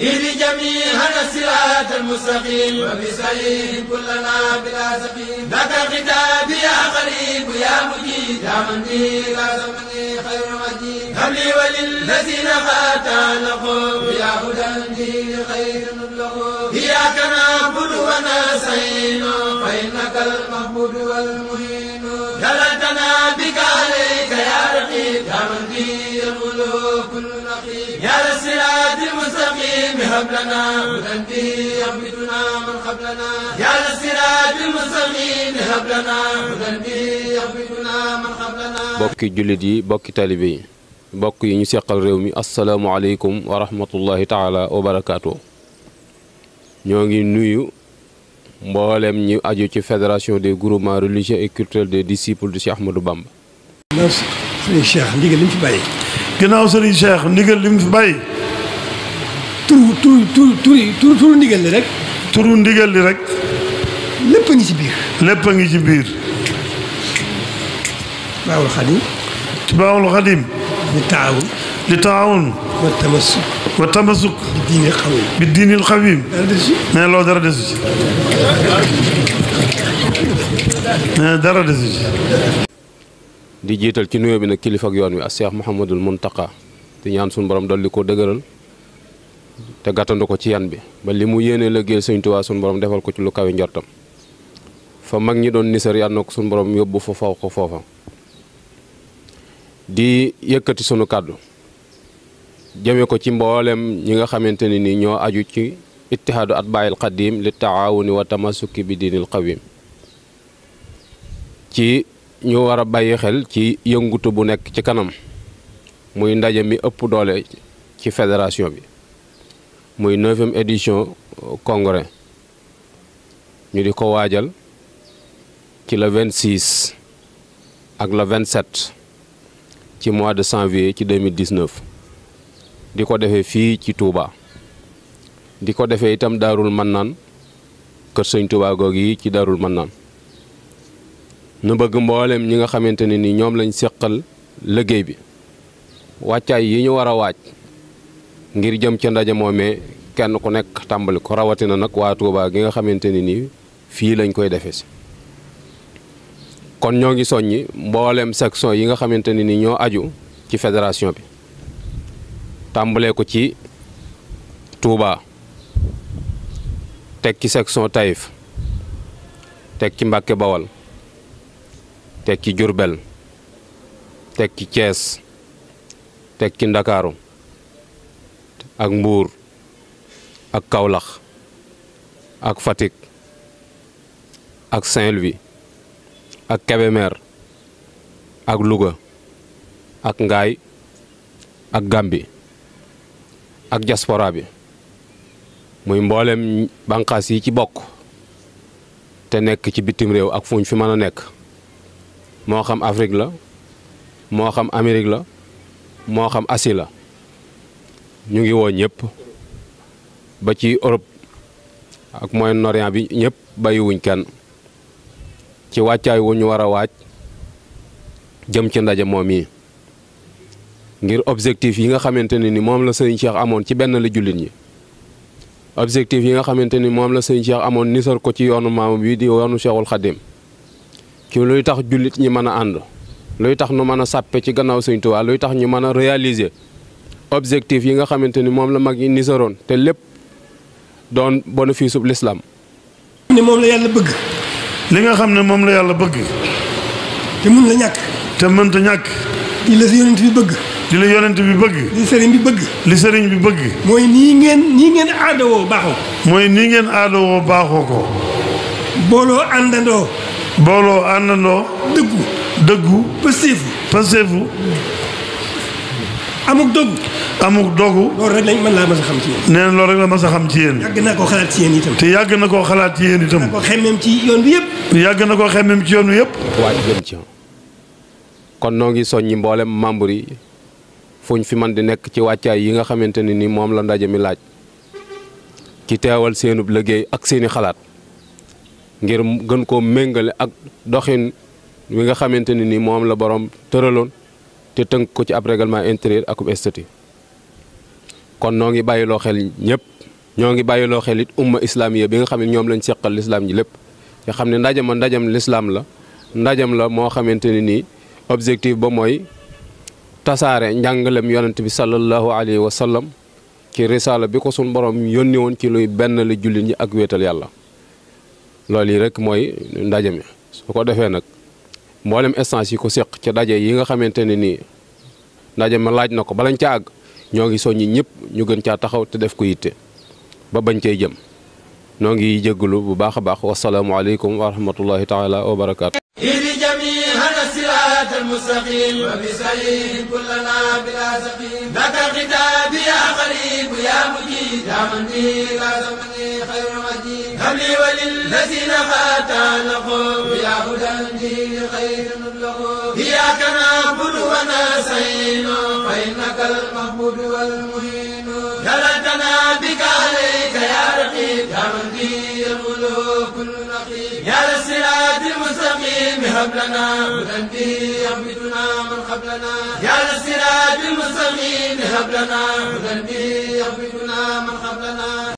إلي جميعنا صراط المستقيم وبسعيد كلنا بلا سقيم لك الكتاب يا غريب يا مجيد يا من بي لا زمني خير مجيد هب لي وللذين خاتانهم يا هدى دين خير نبلغهم إياك نعبد ونستعين فإنك المعبود والمهين جلتنا بك لنا ذنبي يغبطنا من قبلنا يا للسراج المستقيم هب لنا ذنبي يغبطنا من قبلنا bokki jullit yi bokki taalibe yi bokk yi ñu seqal réew mi asalaamualeykum wa rahmatullahi taala wa barakaatu ñoo ngi nuyu mboolem ñu aju ci fédération des groupements religieux et culturels des disciples de Cheikh Ahmadou Bamba. gannaaw sëriñ Cheikh ndigal li mu fi bàyyi. gannaaw sëriñ Cheikh ndigal li mu fi bàyyi. turu turu turu turu rek. turu ndigal rek. lépp a ngi ci biir. lépp a ngi ci biir. Tibaawul Xadim. Tibaawul taawun. li taawun. wa tamasuk. wa dara desu ci. nee loolu dara ci. nee dara desu ci. di jiital ci nuyoo bi nag kilifa ak yoon wi ak Cheikh Mouhamadul Mountakha di ñaan sunu borom dolli ko dëgëral. te gàttandu ko ci yan bi ba li mu yéene liggéeyal Sëñ Tuubaa suñu borom defal ko ci lu kawe njortam fa mag ñi doon nisar yàlla na ko suñu borom yóbbu fa faw ko foofa di yëkkati sunu kàddu jëme ko ci mbooleem ñi nga xamante ne ni ñoo aju ci ittihaadu atbaayil xadim li taawuni wa tamasuki bi diinil qawim ci ñu war a bàyyi xel ci yëngutu bu nekk ci kanam muy ndaje mi ëpp doole ci fédération bi muy neuvième édition congrès ñu di ko waajal ci le 26 ak le 27 ci mois de janvier ci 2019 di ko defee fii ci Touba di ko defee itam daarul man naan kër sëñ Touba goog yi ci darul man naan nu bëgg mboolem ñi nga xamante ne ni ñoom lañ seqal liggéey bi wàccaay yi ñu war a waaj ngir jëm ca ndaje moomee kenn ku nekk tàmbali ko rawatina nag waa Touba gi nga xamante ni nii fii lañ koy defee si kon ñoo ngi soññi mbooleem section yi nga xamante ni nii ñoo aju ci fédération bi tàmbalee ko ci Touba teg ci section Taïf teg ci Mbàkke Bawal teg ci Jurbel teg ci Thiès teg ci Ndakaaru ak Mbuur ak kawlax ak Fatick ak Saint-Louis ak Kébémer ak Louga ak Ngaay ak Gambi ak diaspora bi muy mboolem bànqaas yi ci bokk te nekk ci bitim réew ak fuñ fi mën a nekk moo xam Afrique la moo xam Amérique la moo xam Asie la ñu ngi woo ñëpp ba ci Europe ak Moyen-Orient bi ñëpp bàyyiwuñ kenn ci wàccaay wu ñu war a waaj jëm ci ndaje moom yi ngir objectif yi nga xamante ne ni moom la sëñ Cheikh amoon ci benn la jullit ñi objectif yi nga xamante ni moom la sëñ Cheikh amoon nisar ko ci yoonu maam bi di yoonu Cheikhul Khadim ci luy tax jullit ñi mën a ànd luy tax nu mën a sàppe ci gannaaw sëñ Tuubaa luy tax ñu mën a réaliser objectif yi nga xamante ni moom la mag ñi nisaroon te lépp doon bénéfice ub lislaam moom la yàlla bëgg. li nga xam ne moom la yàlla bëgg. te mun la ñàkk. te mënta ñàkk. di la si yonent bi bëgg. di la yonent bi bëgg. li sëriñ bi bëgg. li sëriñ bi bëgg. mooy nii ngeen nii ngeen aadawoo baaxoo ko. mooy nii ngeen aadawoo baaxoo ko. booloo àndandoo. booloo àndandoo. dëggu. dëggu. pëseefu. pëseefu. amuk dogu. amuk dogu. loolu rek lañ mën laa mas xam ci yéen. nee na loolu rek la mas a xam yàgg na koo xalaat ci yéen itam. te yàgg na koo xalaat ci yéen itam. ci yoon yàgg na koo xemmeem ci yoon bi yëpp. waa jëm ci kon noo ngi soññi mboolem membre yi fuñ fi man di nekk ci wàccaay yi nga xamante ne ni moom la ndaje mi laaj ci teewal seenub liggéey ak seeni xalaat ngir gën koo méngale ak doxin wi nga xamante ne ni moom la borom tëraloon. te tënk ko ci ab règlement intérieur akub statut kon noo ngi bàyyiloo xel ñëpp ñoo ngi bàyyiloo xel it umma islamiya bi nga xam ne ñoom lañ seqal lislaam ji lépp nga xam ne ndajama ndajam lislaam la ndajam la moo xamante ne nii objectif ba mooy tasaare njàngalem yonent bi sallallahu alayhi wa sallam ci risaala bi ko sun borom yónni woon ci luy benn la jullit ñi ak wéetal yàlla loolu yi rek mooy ndaje mi su ko defee nag mboolem instance yi ko séq ca daje yi nga xamante ne nii ndaje ma laaj na ko balañ ca àgg ñoo ngi soññi ñëpp ñu gën caa taxaw te def ko yitte ba bañ cay jëm noo ngi jégalu bu baax a baax wasalaamu aleykum wa rahmatullahi taala wa barakaatu idi jamiana sirat almustaqim wa bi salim kullana bila saqim daka xitaabi ya xarib ya mujid ya man bi la zamani حمي وللذين خاتانا قوم يا هدى الجيل خير نبلغ إياك نعبد ونستعين فإنك المحمود والمهين جلتنا بك عليك يا رقيب يا من به الملوك النقيب يا للصراط المستقيم هب لنا هدى به يغبطنا من قبلنا يا للصراط المستقيم هب لنا هدى به يغبطنا من قبلنا